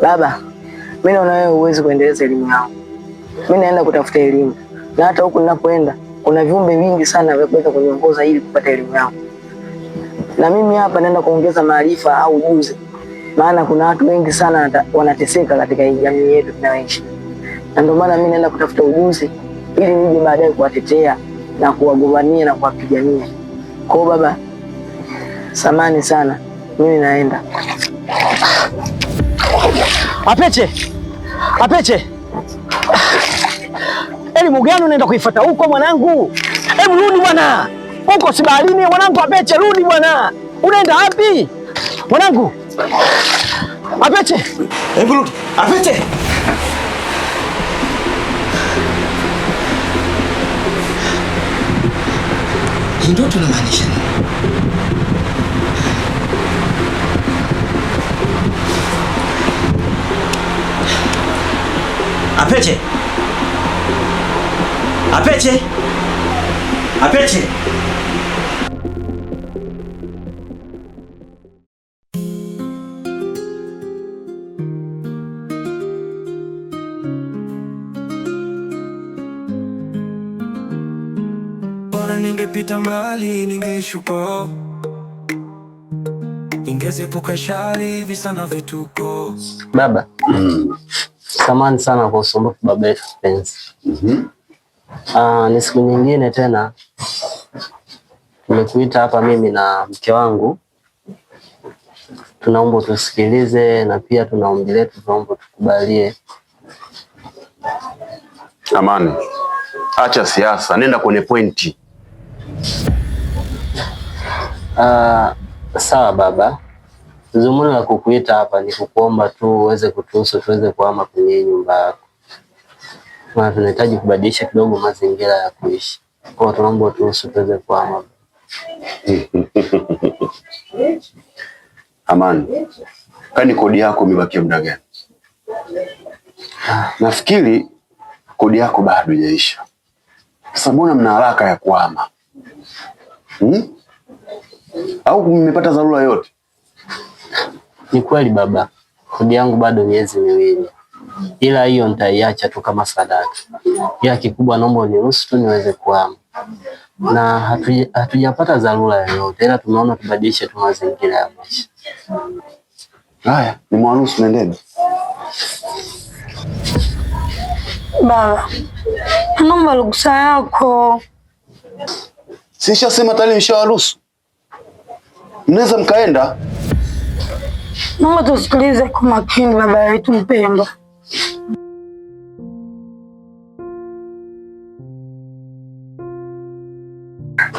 Baba, mimi naona wewe huwezi kuendeleza elimu yangu. Mimi naenda kutafuta elimu, na hata huku ninapoenda kuna viumbe vingi sana vya kuweza kuniongoza ili kupata elimu yangu, na mimi hapa naenda kuongeza maarifa au ujuzi, maana kuna watu wengi sana wanateseka katika jamii yetu tunayoishi, na ndio maana mimi naenda kutafuta ujuzi ili nije baadaye kuwatetea na kuwagombania na kuwapigania. Kwa baba, samani sana, mimi naenda. Apeche, Apeche, elimu gani unaenda kuifuata huko mwanangu? Hebu rudi bwana, huko si baharini mwanangu. Apeche, rudi bwana, unaenda wapi mwanangu? Apeche, hebu rudi. Apeche, ndio tunamaanisha nini? Apeche. Apeche. Apeche. Ningepita mbali, ningeshuka, ningezepuka shari, visa na vituko. Baba. Mm samani sana kwa usumbufu baba yetu mpenzi. mm -hmm. Ah, ni siku nyingine tena nimekuita hapa mimi na mke wangu, tunaomba tusikilize na pia tunaombi letu, tunaomba tukubalie. Amani, acha siasa, nenda kwenye pointi. Ah, sawa baba Dhumuni la kukuita hapa ni kukuomba tu uweze kutuhusu tuweze kuhama kwenye nyumba yako, na tunahitaji kubadilisha kidogo mazingira ya kuishi. Kwa hiyo tunaomba utuhusu tuweze kuhama. Amani, Kani kodi yako imebakia muda gani? Ah. Nafikiri kodi yako bado haijaisha. Sasa mbona mna haraka ya kuhama hmm? au mmepata dharura yote? Ni kweli baba, kodi yangu bado miezi miwili, ila hiyo nitaiacha tu kama sadaka, ila kikubwa naomba uniruhusu tu niweze kuhama, na hatujapata hatuja dharura yoyote, ila tumeona tubadilishe tu mazingira ya maisha haya. Ni mwaruhusu, nendeni. Baba, naomba ruhusa yako. Sishasema tayari, mshawaruhusu, mnaweza mkaenda. Naomba tusikilize kwa makini baba yetu mpendwa.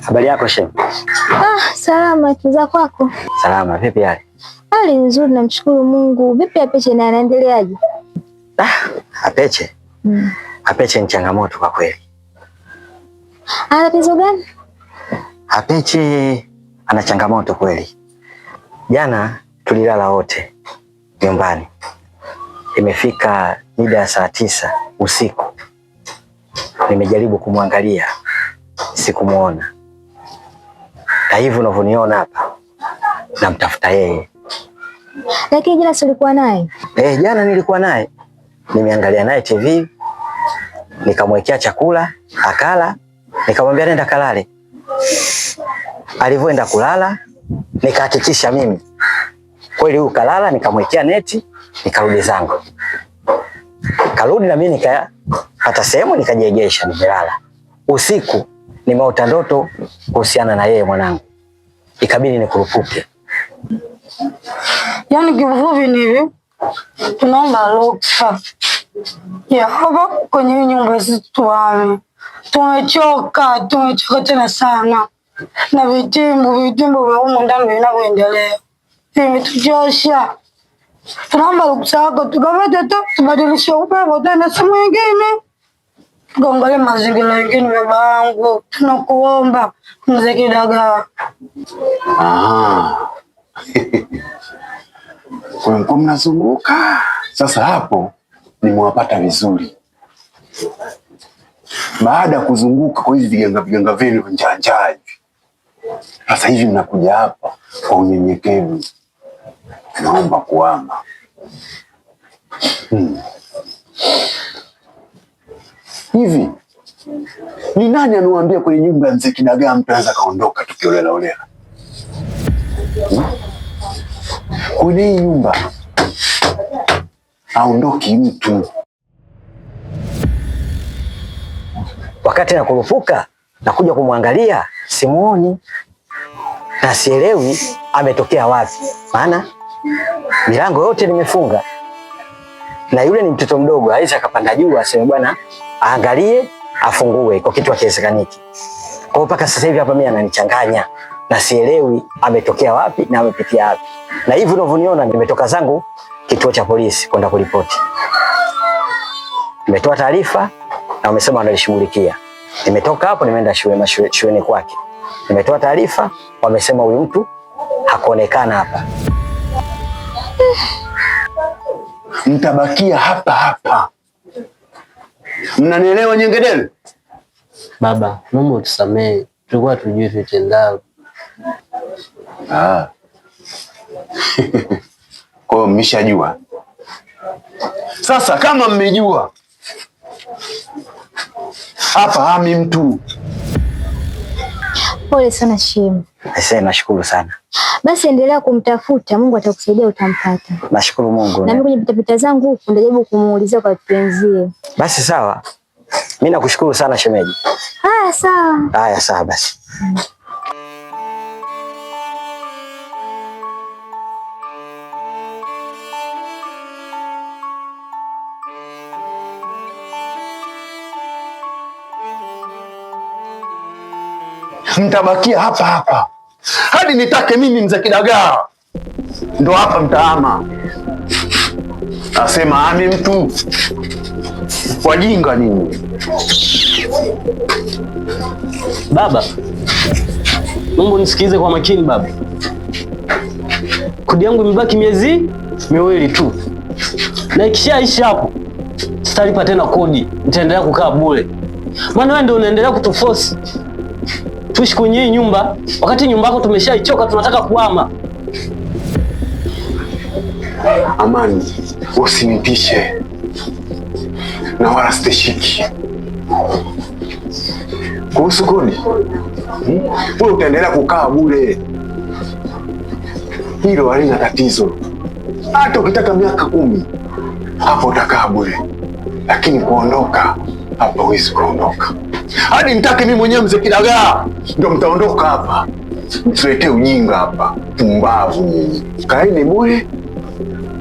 Habari yako Shem? Ah, salama tuza kwako. Salama, vipi hali? Hali nzuri namshukuru Mungu. Vipi Apeche na anaendeleaje? Ah, Apeche. Mm. Apeche ni changamoto kwa kweli. Ana tatizo gani? Apeche ana changamoto kweli. Jana tulilala wote nyumbani. Imefika mida ya saa tisa usiku, nimejaribu kumwangalia sikumuona, na hivi unavyoniona hapa namtafuta yeye. Lakini jana silikuwa naye eh, jana nilikuwa naye, nimeangalia naye TV nikamwekea chakula akala, nikamwambia nenda kalale. Alivyoenda kulala nikahakikisha mimi Kweli huyu kalala, nikamwekea neti, nikarudi zangu. Karudi na mimi nikapata sehemu nikajiegesha, nimelala. Usiku nimeota ndoto kuhusiana na yeye mwanangu, ikabidi nikurupuke. Yaani kivuvi ni hivi, tunaomba ruhusa ya hapa kwenye nyumba zetu tuame. Tumechoka, tumechoka tena sana na vitimbu, vitimbu vya humu ndani vinavyoendelea limetuchosha. Tunaomba ruhusa yako tukavete tu tubadilishe upepo tena sehemu nyingine, tukaangalia mazingira mengine. Baba wangu, tunakuomba mzee Kidagaa. Kwa mko mnazunguka sasa, hapo nimewapata vizuri. Baada ya kuzunguka kwa hizi viganga viganga vyenu njanja hivi, sasa hivi mnakuja hapa kwa unyenyekevu naomba kuama hmm. Hivi ni nani anawaambia kwenye nyumba ya mzee Kidagaa anaweza kaondoka tukiolela olela hmm? Kwenye hii nyumba aondoki mtu wakati nakurupuka nakuja kumwangalia simuoni na sielewi ametokea wapi, maana milango yote nimefunga, na yule ni mtoto mdogo, hawezi akapanda juu aseme bwana aangalie afungue, kwa kitu hakiwezekaniki. Kwa hiyo mpaka sasa hivi hapa mimi ananichanganya na sielewi ametokea wapi na amepitia wapi, na hivi unavyoniona nimetoka zangu kituo cha polisi kwenda kuripoti. Nimetoa taarifa na wamesema wanalishughulikia. Nimetoka hapo nimeenda shule shuleni kwake, nimetoa taarifa, wamesema huyu mtu hakuonekana hapa mtabakia hapa hapa. Mnanielewa Nyengedele? Baba, Mungu tusamee, tulikuwa tujui vitendao. Ah. Kwa hiyo mmeshajua. Sasa kama mmejua hapa hami mtu Pole sana Shemu. Sasa nashukuru sana. Basi endelea kumtafuta, Mungu atakusaidia utampata. Nashukuru Mungu. Na mimi kwenye pitapita zangu huko ndajaribu kumuulizia kwa kipenzie. Basi sawa. Mimi nakushukuru sana shemeji. Haya sawa. Haya sawa basi. Hmm. mtabakia hapa hapa hadi nitake mimi mzee Kidagaa, ndo hapa mtaama. Asema ame mtu wajinga nini? Baba, Mungu nisikize kwa makini baba. Kodi yangu imebaki miezi miwili tu, na ikishaisha hapo sitalipa tena kodi, nitaendelea kukaa bure, maana wewe ndio unaendelea kutuforce tuishi kwenye hii nyumba wakati nyumba yako tumeshaichoka, tunataka kuhama. Amani, usinitishe na wala sitishiki. Kuhusu kodi hmm? wewe, utaendelea kukaa bure, hilo halina tatizo. Hata ukitaka miaka kumi hapo utakaa bure, lakini kuondoka hapo huwezi kuondoka hadi nitake mimi mwenyewe mzee Kidagaa ndo mtaondoka hapa, msiletee ujinga hapa, pumbavu. Kaeni bure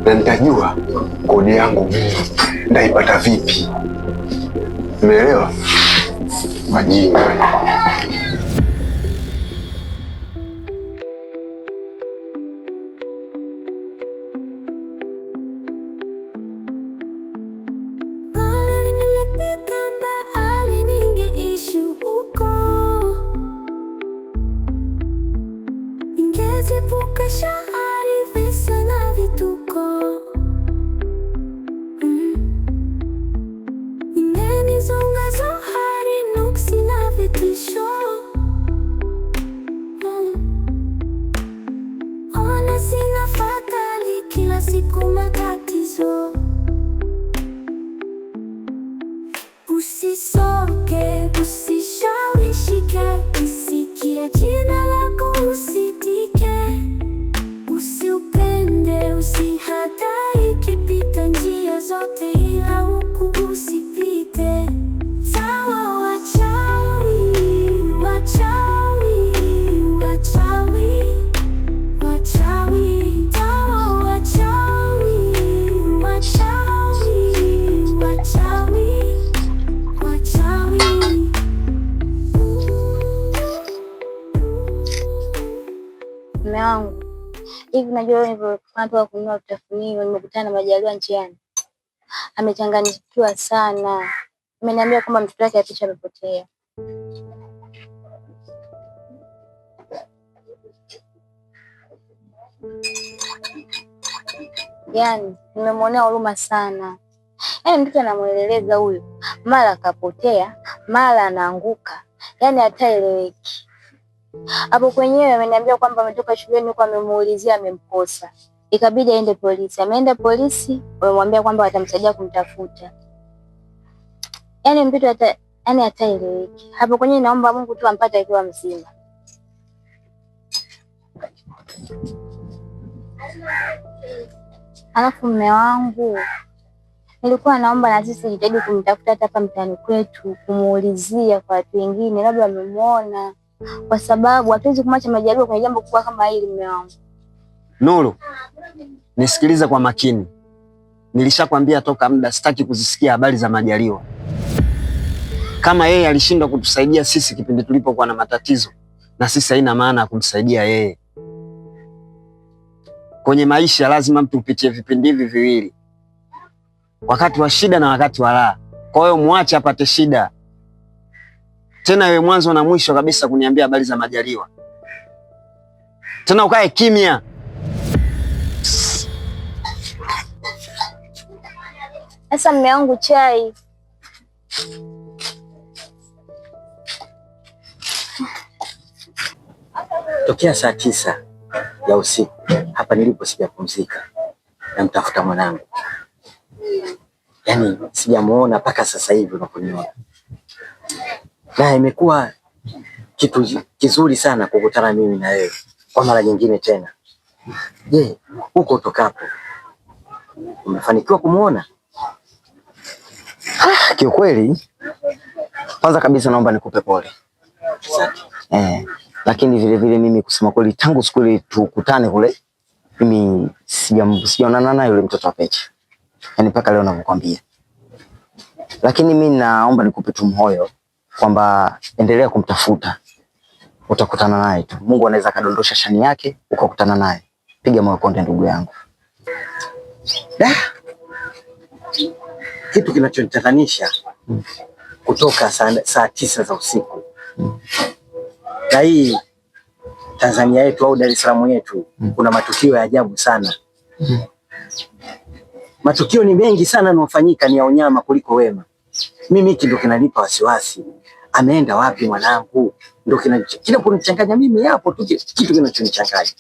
na nitajua kodi yangu mimi ndaipata vipi. Umeelewa? Majinga. Regina Lagoa, o que O seu prendeu-se em e que pita em dias ou hivi, watu wa kununua vitafunio, nimekutana na Majaliwa njiani, amechanganyikiwa sana. Ameniambia kwamba mtoto wake apicha amepotea. Yani nimemwonea huruma sana, yani mtoto anamweleleza huyu, mara akapotea, mara anaanguka, yani hataeleweki. Hapo kwenyewe ameniambia kwamba ametoka shuleni huko, amemuulizia amemkosa, ikabidi aende polisi. Ameenda polisi, wamemwambia kwamba watamsaidia kumtafuta. Yaani mtoto hata yaani hataeleweki. Hapo kwenyewe naomba Mungu tu ampate akiwa mzima. Alafu mme wangu nilikuwa naomba na sisi jitahidi kumtafuta hata hapa mtaani kwetu, kumuulizia kwa watu wengine, labda wamemwona kwa sababu hatuwezi kumacha majaribu kwenye jambo kubwa kama hili. Mume wangu Nuru, nisikilize kwa makini, nilishakwambia toka muda, sitaki kuzisikia habari za majaliwa. Kama yeye alishindwa kutusaidia sisi kipindi tulipokuwa na matatizo, na sisi haina maana ya kumsaidia yeye. Kwenye maisha lazima mtu upitie vipindi hivi viwili, wakati wa shida na wakati wa raha. Kwa hiyo muache apate shida, tena wewe mwanzo na mwisho kabisa kuniambia habari za Majaliwa, tena ukae kimya. Sasa mme wangu chai tokea saa tisa ya usiku hapa nilipo sijapumzika, namtafuta mwanangu, yaani sijamuona mpaka sasa hivi unaponiona na imekuwa kitu kizuri sana kukutana mimi na wewe kwa mara nyingine tena. Je, huko utokapo umefanikiwa kumuona? Ah, kiukweli, kwanza kabisa naomba nikupe pole eh, lakini vile vile mimi kusema kweli, tangu siku ile tukutane kule, mimi sijaonana na yule mtoto wa Pecha, yaani mpaka leo navyokwambia, lakini mimi naomba nikupe tu moyo kwamba endelea kumtafuta, utakutana naye tu. Mungu anaweza akadondosha shani yake ukakutana naye. Piga moyo konde, ndugu yangu. Kitu kinachonitatanisha kutoka saa, saa tisa za usiku na hii Tanzania yetu au Dar es Salaam yetu kuna matukio ya ajabu sana matukio ni mengi sana yanayofanyika, ni ya unyama kuliko wema. Mimi hiki ndio kinanipa wasiwasi ameenda wapi mwanangu? Ndio kinachonichanganya mimi, hapo tu kitu kinachonichanganya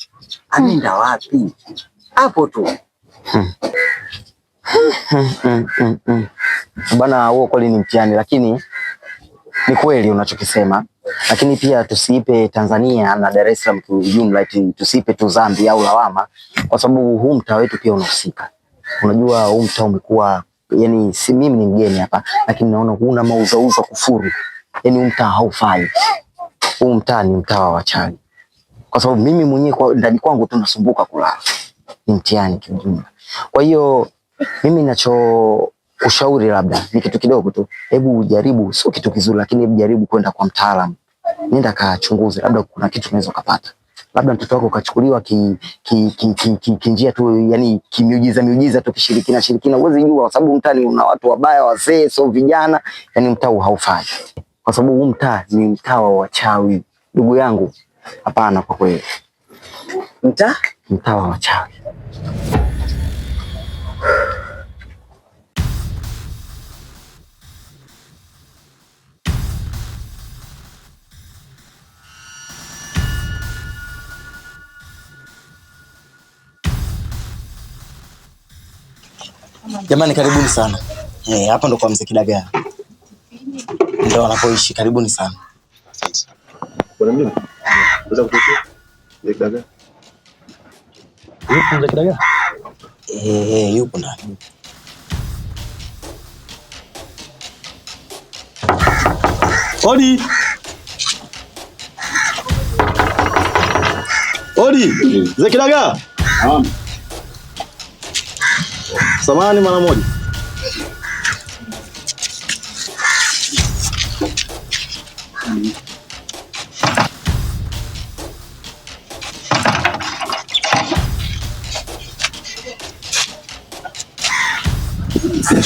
ameenda wapi hapo tu Bwana, Huo kweli ni mtihani, lakini ni kweli unachokisema, lakini pia tusiipe Tanzania na Dar es Salaam kwa ujumla, tusiipe tu dhambi au lawama, kwa sababu huu mtaa wetu pia unahusika. Unajua huu mtaa umekuwa yani, si mimi ni mgeni hapa, lakini naona huna mauzauza kufuru yani mtaa haufai. Huu mtaa ni mtaa wa wachani, kwa sababu mimi mwenyewe kwa ndani kwangu tu nasumbuka kulala, ni mtihani kiujumla. Kwa hiyo mimi nacho ushauri labda ni kitu kidogo tu, hebu ujaribu, sio kitu kizuri, lakini hebu jaribu kwenda kwa mtaalamu, nenda kachunguze, labda kuna kitu unaweza kupata, labda mtoto wako kachukuliwa ki ki ki, ki, ki, ki njia tu, yani kimiujiza miujiza tu, kishirikina shirikina, uwezi jua, kwa sababu mtaani una watu wabaya, wazee, sio vijana, yani mtau haufai kwa sababu huu mtaa ni mtaa wa wachawi ndugu yangu. Hapana, kwa kweli mtaa mtaa wa wachawi. Jamani, karibuni sana eh, hapa. ndo kwa mzee Kidagaa ndio wanapoishi. Karibuni sana. Eh, yupo ndani. Odi. Odi. Zekidaga. Samani mara moja.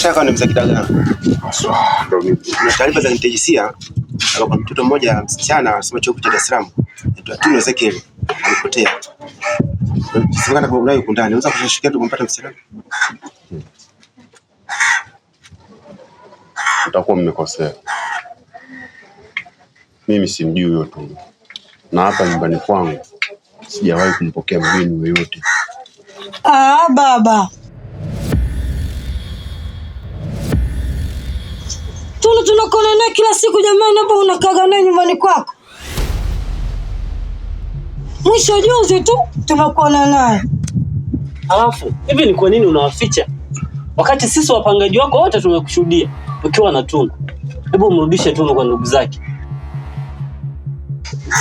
shaka ni mzee Kidagala. Kuna taarifa za nitejisia kwa mtoto mmoja msichana anasoma chuo cha Dar es Salaam alipotea. kwa kundani. Unaweza kushikia kumpata msichana? Utakuwa mmekosea. Mimi simjui huyo tu, na hapa nyumbani kwangu sijawahi kumpokea mgeni yoyote. Ah, baba Tulu tunakona naye kila siku jamani, hapo unakaga naye nyumbani kwako. Mwisho juzi tu tumekuona naye. Alafu hivi ni kwa nini unawaficha wakati sisi wapangaji wako wote tumekushuhudia ukiwa na Tunu? Hebu mrudishe Tunu kwa ndugu zake.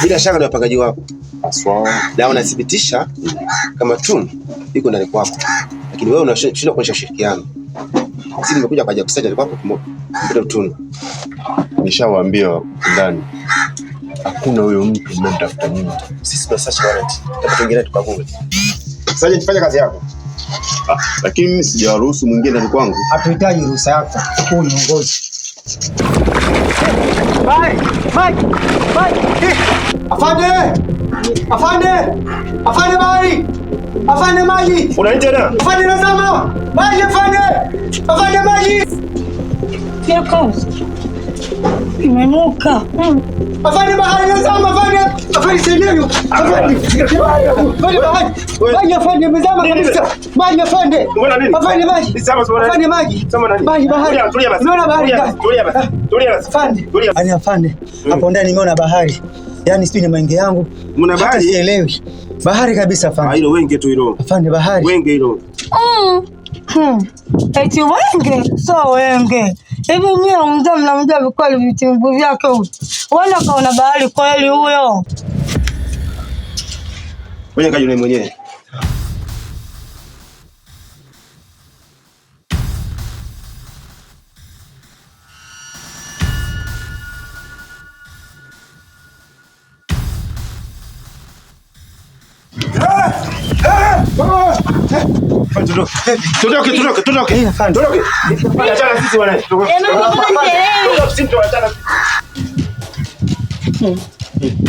Bila shaka ni wapangaji wako na wanathibitisha kama Tunu iko ndani kwako, lakini wewe unashinda kuonyesha ushirikiano. Sisi nimekuja kwa ajili ya kusaidia kwako kimoja Tuna tu nishawaambia ndani, hakuna huyo mtu mnamtafuta mimi. Sisi fanya kazi yako. Ah, lakini mimi sijawaruhusu mwingie ndani kwangu. Hatuhitaji ruhusa yako, huu ni uongozi. Eh. Afande! Afande! Afande mali! Afande maji, Unaita nani? Afande nazama! maji afande! Afande maji imenuka afande. Hmm. Hapo ndani nimeona bahari, yaani sijui ni maenge yangu, hata sielewi bahari kabisa afande. Ah, hilo wenge tu hilo afande, bahari wenge hilo. Hmm. Hmm. Eti wenge so wenge Hivi nyie mzee mnamjua vikoli vitimbu vyake huyu? Wala kaona bahari kweli huyo? Wewe kajione mwenyewe.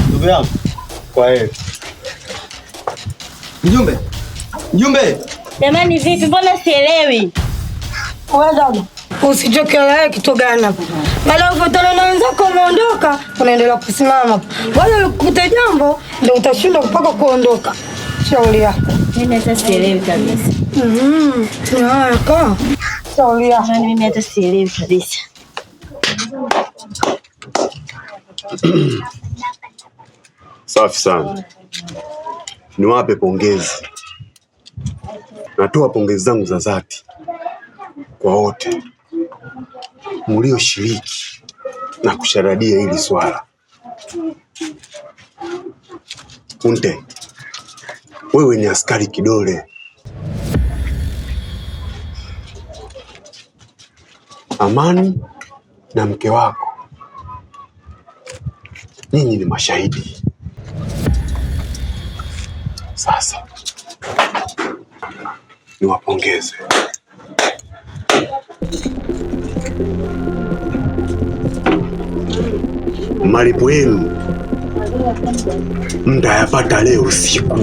Ndugu yangu, kwa heri. Mjumbe, mjumbe. Jamani vipi, mbona sielewi? Usichokelewe kitu gani hapa? Baada ya kufuatana na wenzako umeondoka, unaendelea kusimama. Wale ukute jambo ndio utashindwa mpaka kuondoka. Shauri yako. Mimi hata sielewi kabisa. Mimi hata sielewi kabisa. Safi sana, niwape pongezi. Natoa pongezi zangu za dhati kwa wote mlioshiriki na kusharadia hili swala. unte wewe ni askari kidole amani na mke wako. Ninyi ni mashahidi. Sasa niwapongeze. Malipo yenu mtayapata leo usiku.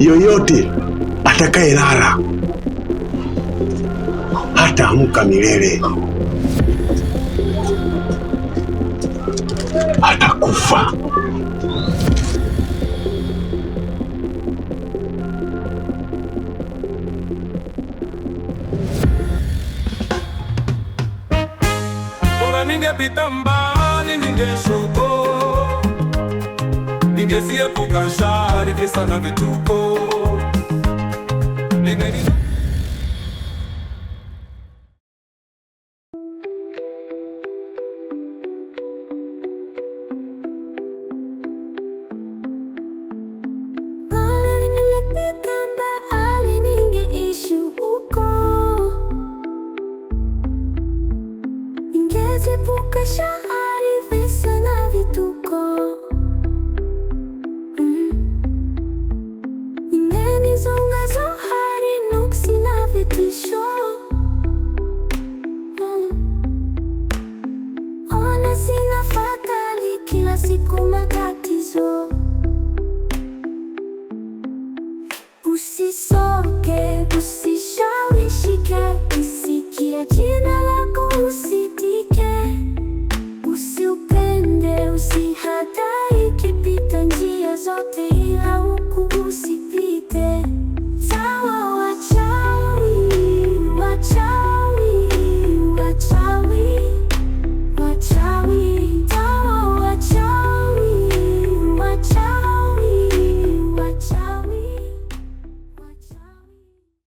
Yoyote atakayelala hataamka milele, atakufa. Ningepita mbali, ningeshuka, ningesiepuka shari, visa na vituko. si kumakas